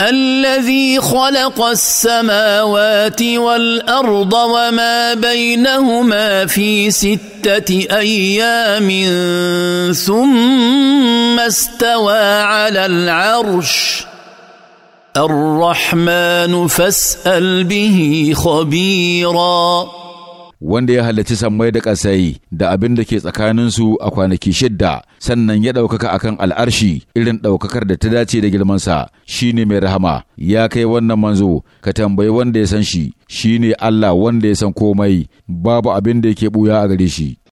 الذي خلق السماوات والارض وما بينهما في سته ايام ثم استوى على العرش الرحمن فاسال به خبيرا wanda ya halarci sammai da ƙasai da abin da ke tsakanin su a kwanaki shidda sannan ya ɗaukaka akan al'arshi irin ɗaukakar da ta dace da girmansa shi ne mai rahama ya kai wannan manzo ka tambayi wanda ya san shi shi ne Allah wanda ya san komai babu abin da yake buya a gare shi.